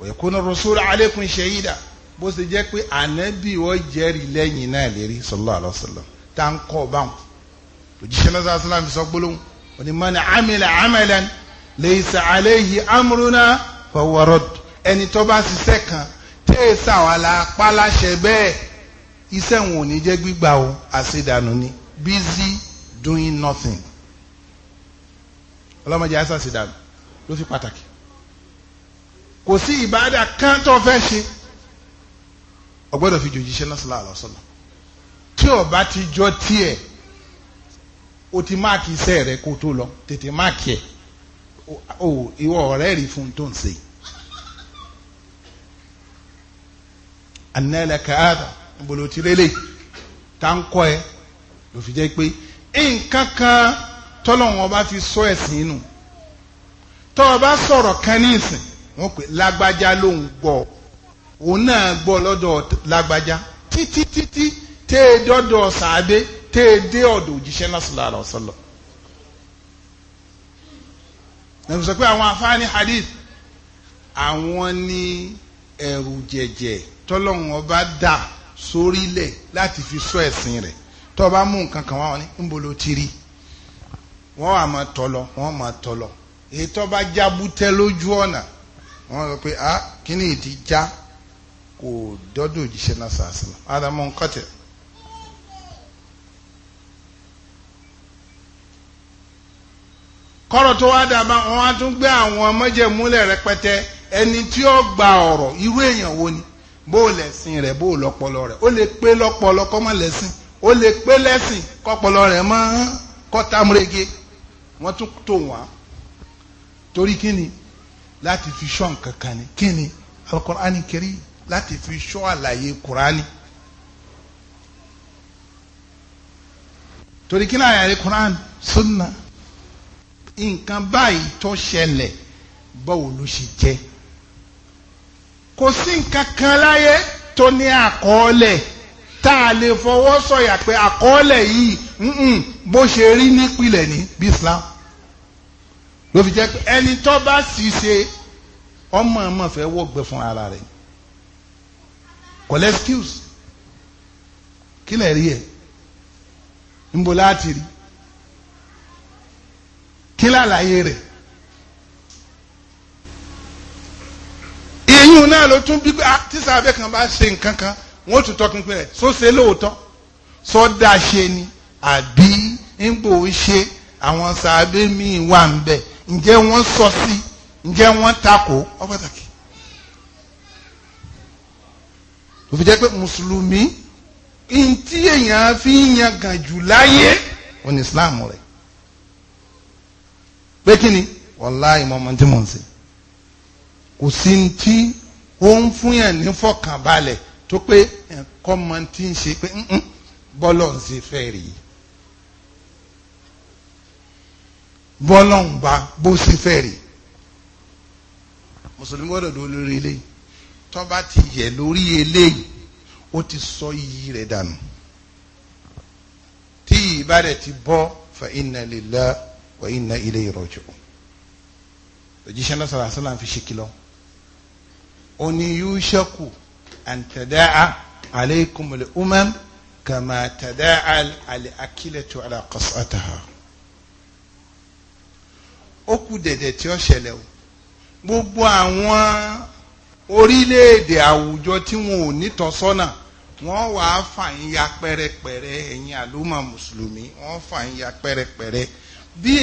òyìnkúnú rasul alaykum shahida bó ṣe jẹ́ pé ànábì wọ́n jẹ́rìí lẹ́yìn náà lérí sallallahu alaihi wasallam tá ń kọ́ báwọn òjíṣẹ́ náà sallallahu alaihi wasallam sọ gbólóhùn òní man amila amalan laysa alayhi amruna fahuwa radd ẹni tó bá ṣiṣẹ́ kan tẹ́ẹ̀sà wà doing nothing ọlọ́mọdé àṣà sì dànù ló fi pàtàkì kò sí ìbáàdà kan tó fẹ́ ṣe ọgbọ́dọ̀ fi jòjìṣẹ́ náà sílá àlọ́sọ́lá tí o ti jọ tiẹ̀ o ti máàkì iṣẹ́ rẹ kó tó lọ tètè máàkì ẹ̀ o ìwọ ọ̀rẹ́ rí fún tó ń ṣe. anẹ́lẹ̀ kàádà ń bolo ti rélé tá ń kọ́ ẹ ló fi jẹ́ pé nǹkan kan tọ́lọ́wọ́n bá fi sọ ẹ̀sìn inú tọ́ ọ bá sọ̀rọ̀ kan ní ìsìn wọ́n pè lágbájá ló ń gbọ́ òun náà gbọ́ lọ́dọ̀ lágbájá títí títí tẹ́ ẹ e dọ́dọ̀ sàádé tẹ́ ẹ e dé ọ̀dọ̀ òjíṣẹ́ náà sọ̀rọ̀ àrọ̀ sọ̀rọ̀ sọ pé àwọn afáàní hadith àwọn ní ẹ̀rù jẹ̀jẹ̀ tọ́lọ́wọ́n bá dà sórílẹ̀ láti fi sọ ẹ̀sìn rẹ̀ tó o bá mú nǹkan kan wá wọn ní níbo ló ti rí wọn á máa tọ lọ wọn á máa tọ lọ èyí tó bá jábútẹ lójú ọ̀nà wọn sọ pé ah kí ni ìdí já kò dọ́dọ̀ òjíṣẹ́ náà sàásìlá ádámù nkọ́tẹ̀. kọ́rọ̀ tó wá dàbá wọn á tún gbé àwọn mọ́jẹ̀múlẹ̀ rẹpẹtẹ ẹni tí ó gba ọ̀rọ̀ irú èèyàn wo ni bó lẹ̀sìn rẹ̀ bó lọ́pọlọ rẹ̀ ó lè pé lọ́pọlọ kọ́mọ lẹ̀sìn ó lè pé lẹ́sìn kọ́pọ̀lọ́ rẹ̀ mọ́ kọ́tàmúrege wọ́n tún tò wọ́n torí kíni láti fi ṣọ́ nǹkan kan ni kíni alukur'ani kiri láti fi ṣọ́ àlàyé kur'ani. torí kí náà yàrá Quran sunna nǹkan báyìí tó ṣẹlẹ̀ báwo ló ṣe jẹ́ kò sí nǹkan kan láyé tó ní àkọọ́lẹ̀ tá a lè fọwọ́ sọ̀yà pé àkọọ́lẹ̀ yìí bó ṣe rí nípìnlẹ̀ ní bí Islam ló fi jẹ́ pé ẹni tó bá sì ṣe ọmọ ọmọ fẹ́ wọ́gbẹ́ fún ara rẹ̀ kọ́lẹ́ excuse kí lè rí ẹ̀ níbo láti rí kí lálàyé rẹ̀ èyí náà ló tún bí ah, tíṣà abẹ́ bá ṣe nǹkan kan wọ́n tún tọpinpin rẹ̀ sóse lóòótọ́ sọ́dà ṣe ni àbí ńgbò ṣe àwọn sàábé míì wà ń bẹ̀ ǹjẹ́ wọ́n sọ sí ǹjẹ́ wọ́n takò ọ pàtàkì. òfin jẹ́ pé mùsùlùmí ntí èèyàn fi ń yan jù láyé òní islam rẹ̀ pé kí ni wàláì mọ́mọ́ tí mò ń ṣe kò sí ntí ó ń fún yàn ní fọkànbalẹ̀ tó pé ẹ̀kọ́ mọ tí ń ṣe pé bọ́lọ̀ ń ṣe fẹ́ rí bọ́lọ̀ ń bá bó ṣe fẹ́ rí mùsùlùmí gbọ́dọ̀ dó lórí eléyìí tó bá ti yẹ lórí eléyìí ó ti sọ iyì rẹ̀ dànù tí ìbádẹ̀ ti bọ́ fa inna lillahi wa inna ilayhi raji'un òjíṣẹ́ náà sọ̀rọ̀ àṣàlàn fi ṣe kìlọ̀ ó ní yúṣẹ́kù أن تداعى عليكم الأمم كما تداعى الأكلة على قصعتها ó kù dẹ̀dẹ̀ tí ó ṣẹlẹ̀ o gbogbo àwọn orílẹ̀-èdè àwùjọ tí wọn ò nítọ́sọ́nà wọ́n wàá fàyín ya pẹ́rẹpẹ̀rẹ ẹ̀yin àlùmọ̀ mùsùlùmí wọ́n fàyín ya pẹ́rẹpẹ̀rẹ bí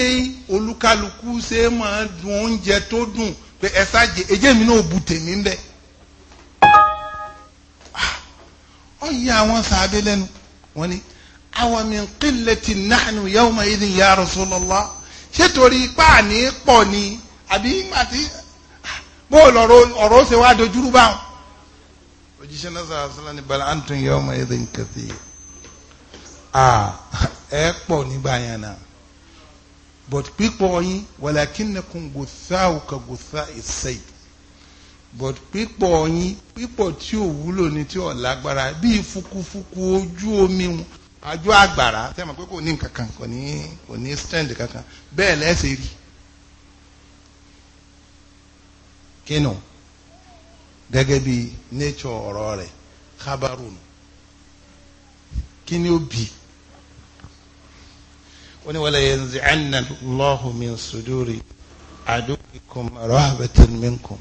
olúkálukú ṣe máa dùn oúnjẹ tó dùn pé ẹ ṣáàjẹ ẹjẹ mi náà bu tèmi ń bẹ́ẹ̀ yà àwọn sàbẹ̀ lẹ́nu wọ́n ní àwọn min qillati nahnu yawma idhin ya Rasulullah ṣé torí ipá àní pọ̀ ni àbí ìgbà tí ah, bó lọ́rọ̀ ọ̀rọ̀ ṣe wá dojúrú báwọn. òjíṣẹ́ náà sọ̀rọ̀ sọ́lá ní bal antum yawma idhin kathir ẹ pọ̀ nígbà yẹn náà but pípọ̀ yín walakinnakum gùsà òkà gùsà ìsẹ́yìí. but pípọ̀ yín pípọ̀ tí ò wúlò ní tí ò lágbára bíi fukufuku ojú omi wọn àjọ àgbàrá tẹ́ mọ̀ pé kò ní nǹkan kan kò ní kò ní stand kankan bẹ́ẹ̀ lẹ́sẹ̀ rí kínú gẹ́gẹ́ bí nature ọ̀rọ̀ rẹ̀ kábàrún kí ó bì ó ní wala yanzi'anna Allahu min suduri aduwikum minkum.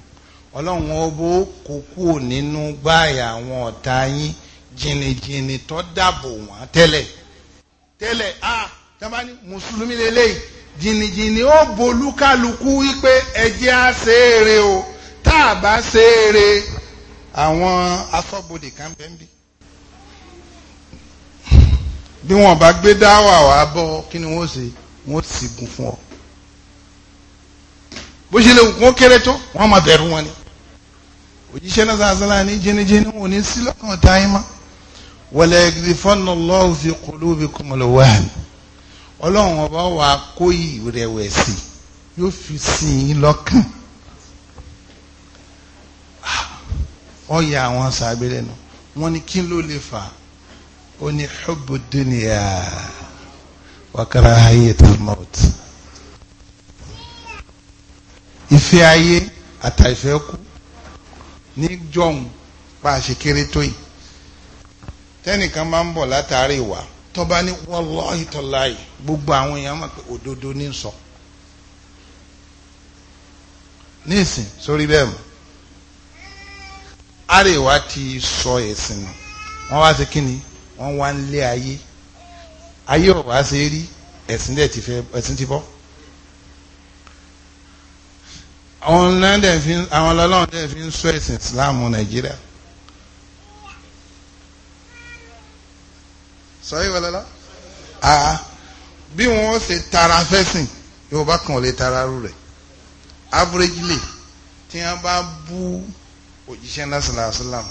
ọlọ́run ọbọ̀ kò kúrò nínú gbáàyà àwọn ọ̀tá yín jìnnìjìnnì tó dàbò wọ́n tẹ́lẹ̀ tẹ́lẹ̀ a tábà ní mùsùlùmí lélẹ́yìí jìnnìjìnnì ó bolúkálukú wípé ẹjẹ́ á ṣe é re o tá a bá ṣe é re àwọn asọ́bodè kan bẹ́ẹ̀ ń bí bí wọn bá gbé dáwà wá bọ kí ni wọn ṣe wọn sì gùn fún ọ bó ṣe lè wọn kéré tó wọn máa bẹ̀rù wọn ni òjíṣẹ́ náà sàásánlá ní jẹnijẹni wọn ò ní sí lọ́kàn táyé mọ́ wala yaqdhifanna Allahu fi qulubikum al-wahn ọlọ́run ọba wa kó ìrẹ̀wẹ̀sì yóò fi sí i lọ́kàn ọ̀yà ah, àwọn sàbẹ̀rẹ̀ nù wọ́n ní kí ló lè fà ó ní hubbu dunya wa karahiyatul maut ìfẹ́ ayé àtàìfẹ́ kú níjọ́hun bá a ṣe kéré tó yìí tẹ́nìkan máa ń bọ̀ látàrí ìwà tọ́ba ní wallahi tallahi gbogbo àwọn èèyàn mọ̀ pé òdodo ní sọ nísìn sórí bẹ́ẹ̀ mọ́ àríwá ti sọ ẹ̀sìn nù wọ́n wá sí kínni wọ́n wá ń lé ayé ayé ò wá rí ẹ̀sìn dẹ̀ ti fẹ́ ẹ̀sìn ti bọ́ àwọn lọ́dẹ̀ fi àwọn ọlọ́run dẹ̀ fi ń sọ ẹ̀sìn Islam Nàìjíríà sọyí wọlọlá àá bí wọ́n ṣe tara fẹ́sìn Yorùbá kan ò lè tara rú rẹ̀ averagely tí wọ́n bá bú òjíṣẹ́ náà sàlàsílám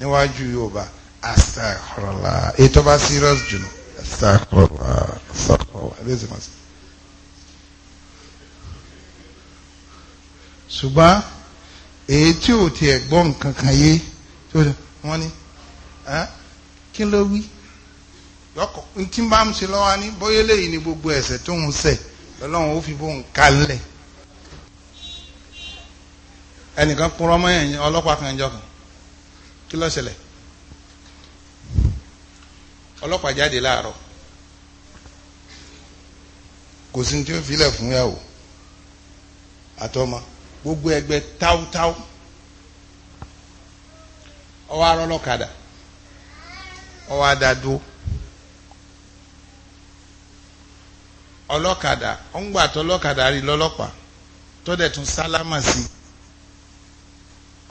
níwájú Yorùbá astagfirullah ètò bá serious jùlọ astagfirullah astagfirullah ẹ lè ṣe máa ṣùgbọ́n èyí tí ò tiẹ̀ gbọ́ nǹkan kan yé wọ́n ní kí ló wí yọkọ̀ tí bá ń ṣe lọ́wọ́ ní bóyá lẹ́yìn ni gbogbo ẹ̀ṣẹ̀ tó ń ṣẹ̀ lọ́lọ́run ó fi bó ń kalẹ̀ ẹnìkan kúrọ́ mọ́ ẹ̀yìn ọlọ́pàá kan jọ kan kí ló ṣẹlẹ̀ ọlọ́pàá jáde láàárọ̀ kò sí ní tí ó filẹ̀ fún yàwó àtọ́mọ́. gbogbo egbe táútáú ọwọ́ arọ́lọ́kadà ọwọ́ adadó ọlọ́kadà ọ̀ngbà tó ọlọ́kadà rí lọ́lọ́pàá tó dẹ̀ tún sálámà sí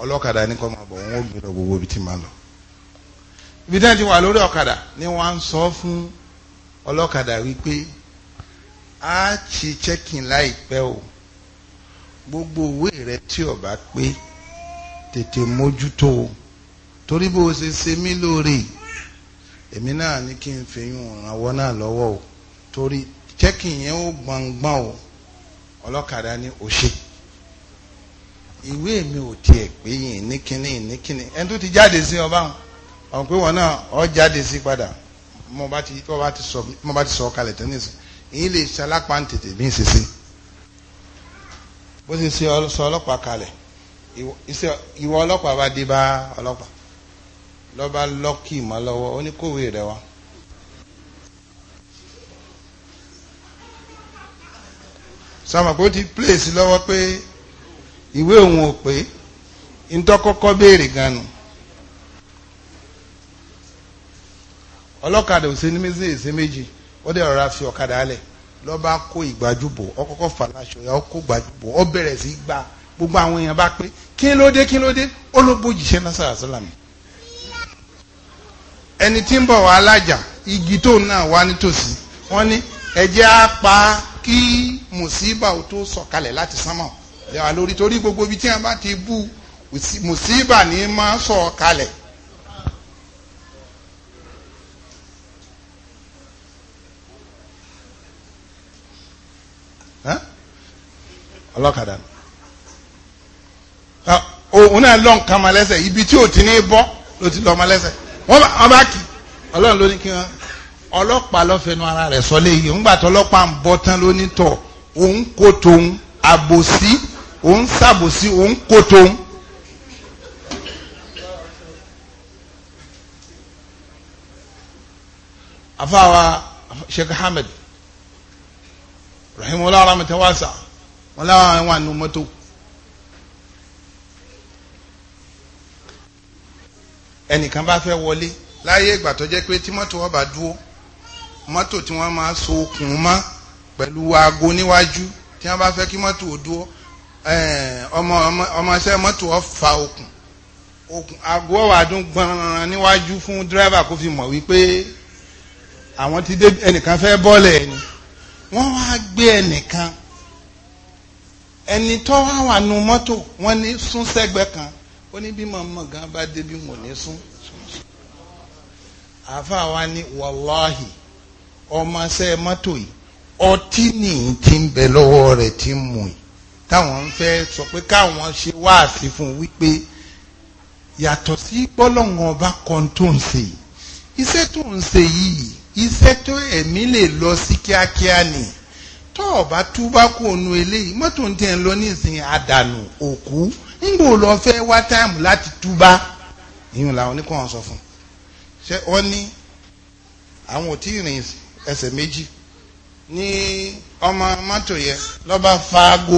ọlọ́kadà ní kọ́ máa gbogbo ibi tí máa lọ ibi tí wọ́n ti wà lórí ọ̀kadà ni wọ́n á ń sọ fún ọlọ́kadà a ti láìpẹ́ o. gbogbo òwe rẹ tí ó bá pé tètè mójútó o torí bó o ṣe ṣe mí lóore èmi náà ní kí n fi ìrànwọ́ náà lọ́wọ́ o torí chẹ́kì yẹn ó gbọ̀ngbọ̀n o ọlọ́kadà ní o ṣe ìwé mi ò tiẹ̀ pé yìí ní kíní ní kíní ẹni tó ti jáde sí ọba ọ̀hún pé wọn náà ọ jáde sí padà mo bá ti sọ kalẹ̀ tẹ́nísì èyí lè ṣalápá tètè bí n ṣe sí. bó ṣe ṣe sọ ọlọ́pàá kalẹ̀ ìwọ ọlọ́pàá bá dé bá ọlọ́pàá lọ́ba lọ́kì mọ́ lọ́wọ́ ó ní kòwé wá. sàmàpò ti pléèsì lọ́wọ́ pé ìwé òun ò pé ntọ́kọ́kọ́ béèrè ganu ọlọ́kadà ò ṣe ní méjì ó dẹ̀ rọra fi ọ̀kadà alẹ̀. lọ́ba kó ìgbàjúbò ọkọ́kọ́ fàlàṣọ ya ọkọ́ gbàjúbò ọ bẹ̀rẹ̀ sí gba gbogbo àwọn èèyàn bá pé kí ló dé kí ló dé ó ló bójì ṣe náà sàrà sílámù ẹni tí ń bọ̀ wá alájà igi tó náà wá nítòsí wọ́n ní ẹ̀jẹ̀ á pa kí mùsíbà ó tó sọ̀kalẹ̀ láti sánmọ̀ lórí torí gbogbo ibi tí wọ́n bá ti bú mùsíbà ní máa sọ̀kalẹ̀ ọlọ́kadà òun náà lọ nǹkan ma lẹ́sẹ̀ ibi tí ò ti ní bọ́ ló ti lọ ma lẹ́sẹ̀ wọ́n bá kì ọlọ́run ló ní kí wọ́n ọlọ́pàá lọ́fẹ̀ẹ́nu ara rẹ̀ sọ léyìí ńgbà tó ọlọ́pàá ń bọ́ tán ló tọ̀ òun kò tóun àbòsí òun òun kò tóun. Sheikh Ahmed wọn láwọn wà nù mọ́tò. ẹnìkan bá fẹ́ wọlé láyé ìgbà tó jẹ́ pé tí mọ́tò wọn bá dúró mọ́tò tí wọ́n máa so okùn mọ́ pẹ̀lú aago níwájú tí wọ́n bá fẹ́ kí mọ́tò dúró ọmọ ọmọọṣẹ́ mọ́tò wọn fa okùn okùn aago wà dún gbọ̀nràn níwájú fún dírẹ́fà kó fi mọ̀ wípé àwọn ti dé ẹnìkan fẹ́ bọ́ọ̀lẹ̀ ẹni wọ́n wá gbé ẹnìkan ẹni tó wá wà nu mọ́tò wọ́n ní sún sẹ́gbẹ́ kan ó ní bí màmá gan bá débi wọn ní sún. àáfàá wa ní wàláhì ọmọọṣẹ́ mọ́tò yìí ọtí nìyí ti ń bẹ lọ́wọ́ rẹ̀ ti ń mú yìí táwọn ń fẹ́ sọ pé káwọn ṣe wáàsí fún un wípé yàtọ̀ sí gbọ́lọ́ngàn ọba kan tó ń ṣe yìí iṣẹ́ tó ń ṣe yìí iṣẹ́ tó ẹ̀mí lè lọ sí kíákíá nìyí tọ́ ọ bá tú bá kú ònu eléyìí mọ́tò ń tẹ̀ ń lọ nísìnyí àdànù òkú ńgbò lọ fẹ́ wá táìmù láti tú bá ìyún làwọn oníkọ̀ọ́ sọ fún ṣé wọ́n ní àwọn ò tí ì rìn ẹsẹ̀ méjì ní ọmọ mọ́tò yẹn lọ́ba faago.